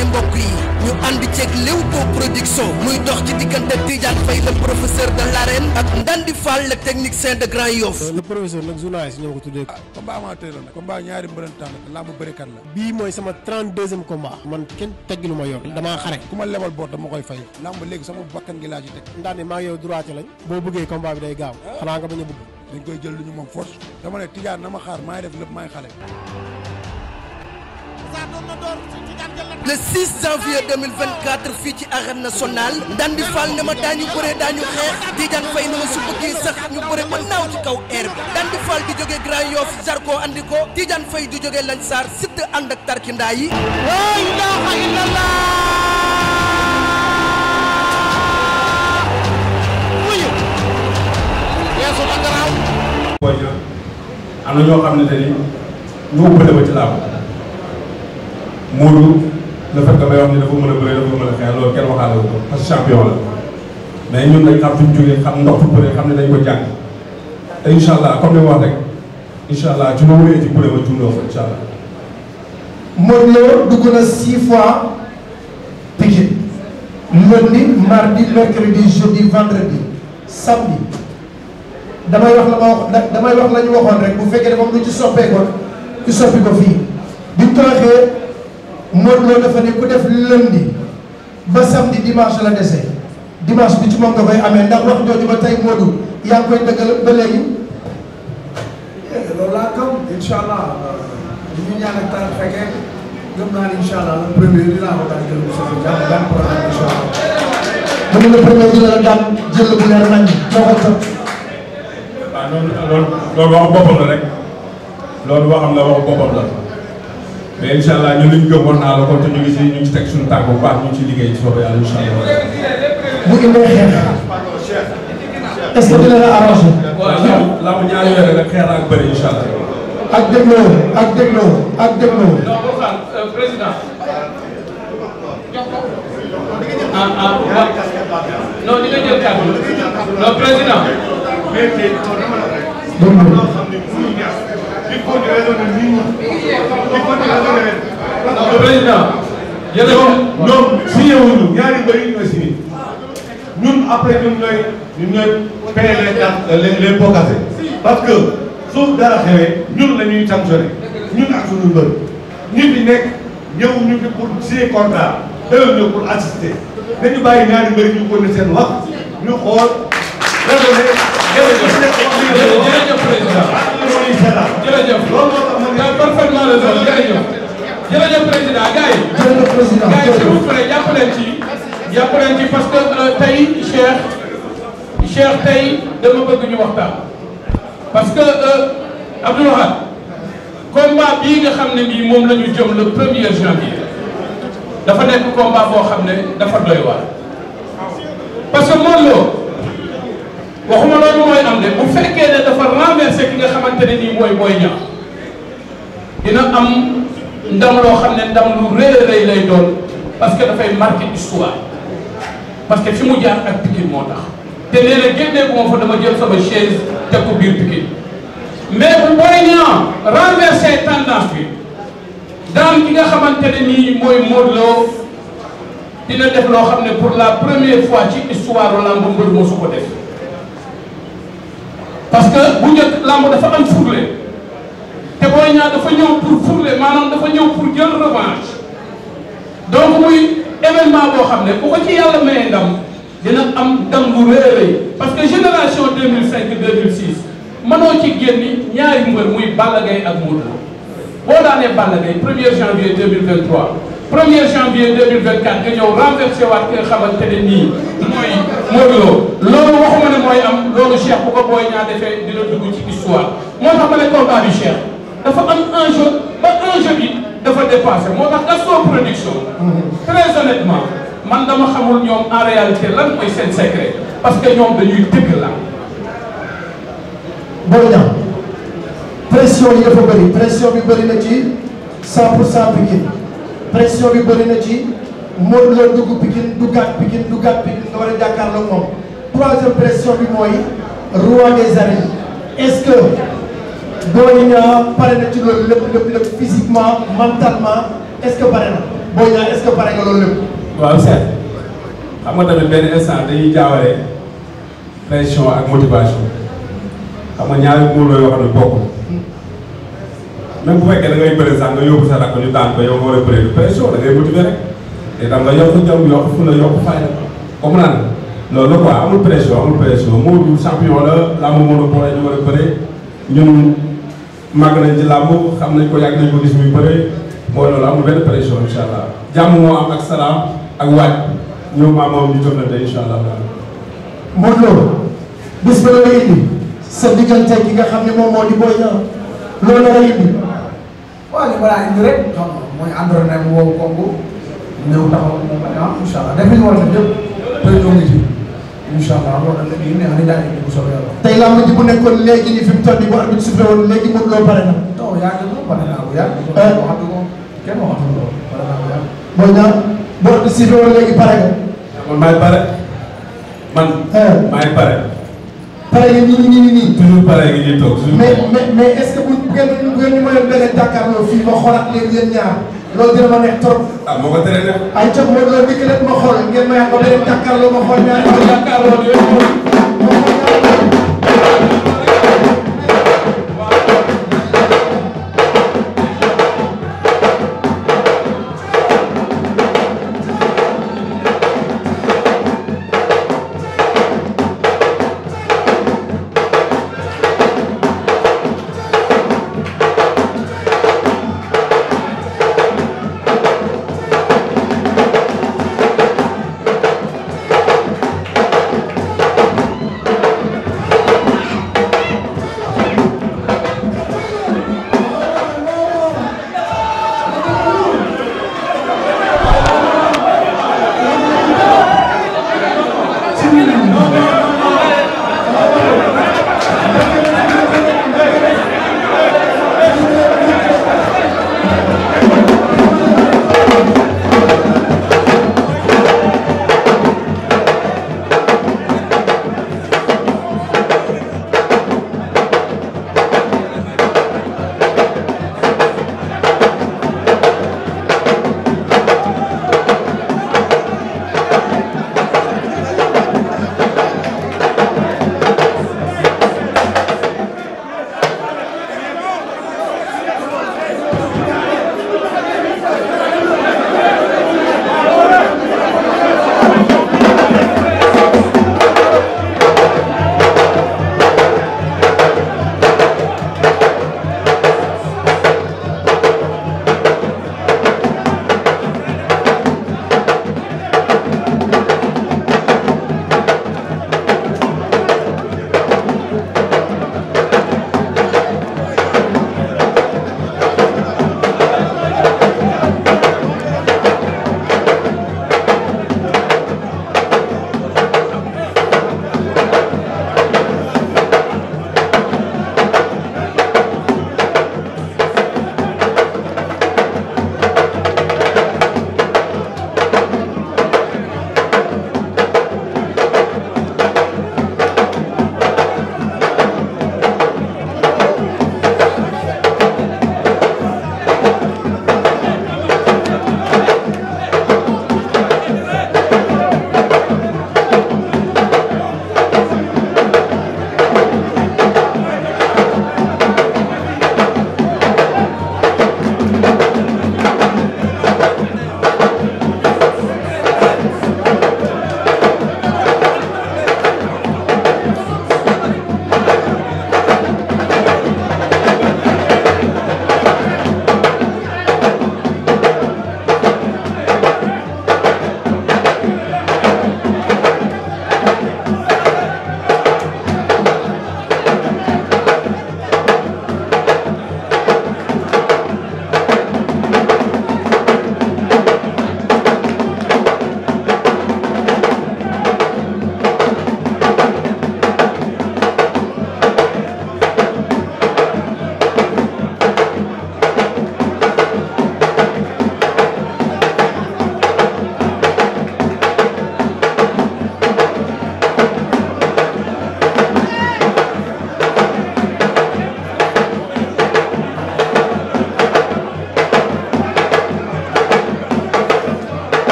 ne mbokk yi ñu ànd ceeg Leewtoo production muy dox ci diggante Tidiane Faye le professeur de l'arène ak Ndandi Fall le technicien de Grand Yoff. Euh, le professeur nag journaliste ñoo ko tuddee. ah combat la nag. combat ñaari la làmb bërikat la. bii mooy sama trente man kenn teggi lu ma yor damaa xare. ku ma lebal boor dama koy fay. làmb léegi sama bakkan gi laa ci teg. Ndandi maa ngi yow droit lañ. boo bëggee combat bi day gaaw. Ah. xanaa nga bañ a bëgg. dañ koy jël lu ñu moom force. dama ne Tidiane na ma xaar maa ngi def lépp maay le 6 janvier 2024 fii ci arène nationale Ndandi Fall ne daañu bëree daañu xeex Tidiane Faye ne su bëggee sax ñu bëre ba naaw ci kaw air bi Ndandi Fall di jógee Grand Yoff Zarko andi ko Tidiane di jógee Lansar Siteu ànd ak tarkindaa yi laa ilaaha illallaah xam ne te ni ñoo bële ba ci làmb Modou le fait que may wax ni dafa mën a bëree dafa a loolu kenn waxaale ko parce champion la mais ñun dañ xam fi mu jógee ndox fu bëree ne dañ ko jàng te incha allah comme ni rek incha allah ma wéyee ci bëree ma jundoo ko incha allah. Modou Lo dugg na six fois Pikine lundi mardi mercredi vendredi samedi damay wax la ma wax damay wax la ñu waxoon rek bu fekkee dafa am lu ci soppeekoon ci soppi ko fii biñ tooxee. Modou Lo dafa ku def lundi ba samedi dimanche la dese dimanche bi ci moom nga koy amee ndax wax jooju ba tey Modou yaa ngi koy dëggal ba léegi. loolu laa gëm incha allah li ñu ñaan ak taal fekkee gëm naa ne incha allah le premier dinaa ko daal jël sa jàpp daan programme incha allah. mu ne le premier dina la daan jël bu leer nañ doxal waaw loolu loolu waxu boppam la rek loolu waxam la waxu boppam la. mais incha allah ñun liñ gëm war naa la kon te ñu ngi si ñu ngi teg suñu tànk bu baax ñu ngi ciy liggéey ci soobee yàlla incha allah. mu indee xeex. est ce que dina la arrangé. waaw ñoom la mu ñaari yore rek xeex ak bëri incha allah. ak dégloo ak dégloo ak dégloo. non euh, président. Ah, ah ah non di nga jël kàddu. non président. il faut ñu raisonner nit ñi il faut ñu raisonner. non président. yéen a ñoom signé wuñu ñaari mbër yi ñoo signé ñun après ñun ñooy ñun ñooy payer les cartes les les pots cassés parce que suuf dara xewee ñun la ñuy sanctionné ñun ak suñu mbër ñi fi nekk ñëw ñu fi pour signer contrat dañoo ñëw pour assister dañu bàyyi ñaari mbër ñu ko ne seen wax ñu xool raisonné jërëjëf jërëjëf président. leen doon jërëjëf jërëjëf président gars yi. jërëjëf président gars yi s'il vous plaît parce que euh, tey Cheikh Cheikh tey dama bëgg ñu waxtaan. parce que euh, Abdou Lahad combat bii nga xam ne bii moom la ñu jëm le premier janvier dafa nekk combat boo xam ne dafa doy waar parce que moom loo waxuma loolu mooy am de bu fekkee ne dafa renverser ki nga xamante ne nii mooy mooy ñaar. dina am ndam loo xam ne ndam lu rëy a rëy lay doon parce que dafay marqué histoire parce que fi mu jaar ak moo tax te nee génnee ko moom dama jël sama chaise teg ko biir Pikine mais bu Boy Niang renversé tendance bi daan ki nga xamante ne nii mooy Modou Lo dina def loo xam ne pour la première fois ci histoire lamb mbër moo su ko def parce que bu njëkk lamb dafa am fugle Boy Niang dafa ñëw pour fourler maanaam dafa ñëw pour jël revanche donc muy événement boo xam ne bu ko ci yàlla mayee ndam dina am ndam bu réeré parce que génération 2005 2006 mënoo ci génni ñaari mbër muy Balla Gaye ak Modou Lô boo daanee Balla Gaye 1er janvier 2023 1er janvier 2024 nga ñëw renversé waat ki nga xamante ne nii mooy Modou Lô loolu waxuma ne mooy am loolu Cheikh bu ko Boy Niang defee dina dugg ci histoire moo tax ma ne combat bi Cheikh. dafa am enjeu ba enjeu bi dafa dépassé moo tax Gaston Production. très honnêtement man dama xamul ñoom en réalité lan mooy seen secret parce que ñoom dañuy dëgg la. boo ñaaw pression yi dafa bëri pression bi bëri na ci 100 pour 100 Pikine pression bi bëri na ci Modou Lo dugg Pikine duggaat Pikine duggaat Pikine nga war a jàkkaarloo moom troisième pression bi mooy roi des Boy Niang pare na ci loolu lépp lépp lépp physiquement mentalement est-ce que na Boy Niang est-ce que pare nga loolu lépp. waaw seet xam nga tamit benn instant dañuy jaawale pression ak motivation xam nga ñaari mbooloo yoo xam ne bokkul même bu fekkee nga yóbbu sa rakk nga war a bëri pression da ngay motiver rek te tam nga yokk jom yokk fu la yokk fayda comme naan loolu la quoi amul pression amul màgg nañ ci làmb xam nañ ko yàgg nañ ko gis muy bëre mooy loolu amul benn pression incha allah jàmm moo am ak salaam ak waaj ñëw maa moom na tey incha allah. Modou Lo bis sa diggante gi nga xam ne moom moo di Boy Niang loolu la lay indi. waaw li ma laa indi rek xam nga mooy mu wow kooku ñëw taxaw moom la ñu am incha incha allah loolu nag léegi neex na jaay bu soobee yàlla. tey làmb ji bu nekkoon léegi nii fi mu toll nii bu arbitre sifflé woon léegi moom loo pare na. non yàgg na pare naa ko yàgg. Euh. waxatu ko kenn waxatu ko pare naa ko yàgg. boo ñaax bu arbitre sifflé woon léegi pare nga. Ah, man maay pare. man. Euh. maay pare. pare nga nii nii nii nii. toujours pare nga ñuy toog toujours. mais mais mais est-ce que bu bu ngeen bu ngeen ñu mën a beneen jàkkaarloo fii ba xoolaat leen yéen ñaar. loolu dina ma neex trop. ah moo ko tere neex. ay ca Modou Lo dikk rek ma xool ngeen may ko beneen jàkkaarloo ma xool ñaari jàkkaarloo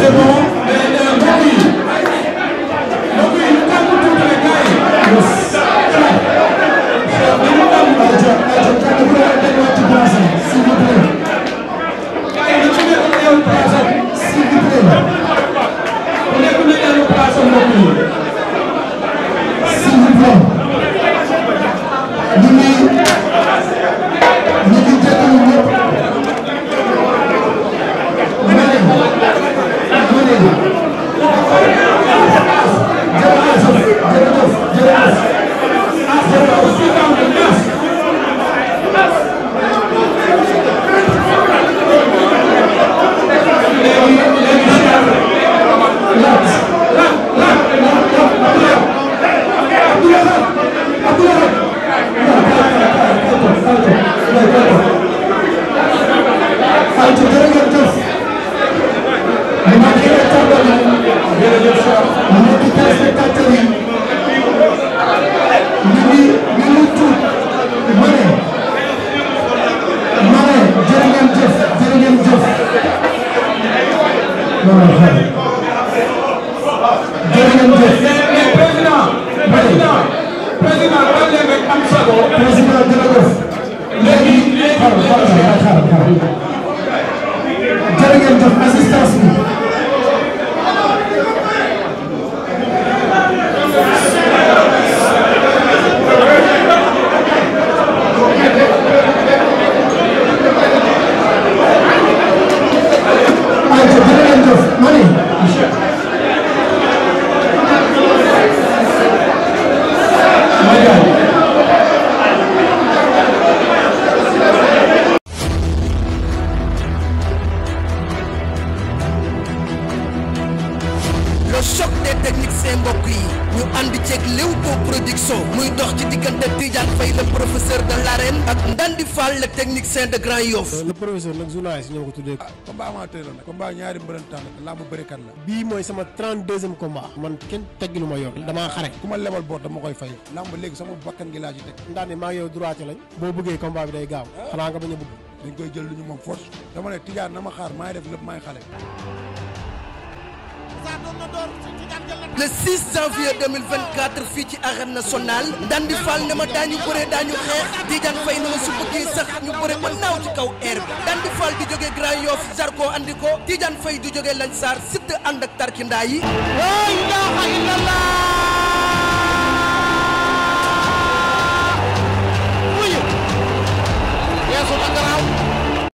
C'est bon jërëjëf assistance bi production muy dox ci diggante Tidiane Faye le professeur de l'arène ak Ndandi Fall le technicien de Grand Yoff. le professeur ko tuddee. ah combat amateur la nag. combat ñaari mbërëntaan la làmb bërekat la. bii mooy sama 32e combat. man kenn teggilu ma yoon damaa xare. ku ma lebal boor dama koy fay. làmb léegi sama bakkan gi laa ci teg. Ndandi maa ngi yow droit lañ. boo bëggee combat bi day gaaw. Ah. xanaa nga bañ a bëgg. dañ koy jël lu ñu moom force. dama ne Tidiane na ma xaar maa def lépp maay xale. le 6 janvier 2024 fii ci arène nationale Ndandi Fall ne ma daañu bëree daañu xeex Tidiane Faye ne ma su bëggee sax ñu bëre ba naaw ci kaw air bi Ndandi Fall di jógee Grand Yoff Zarko andi ko Tidiane di jógee Lansar Siteu ànd ak tarkindaa yi. la ilaha illallah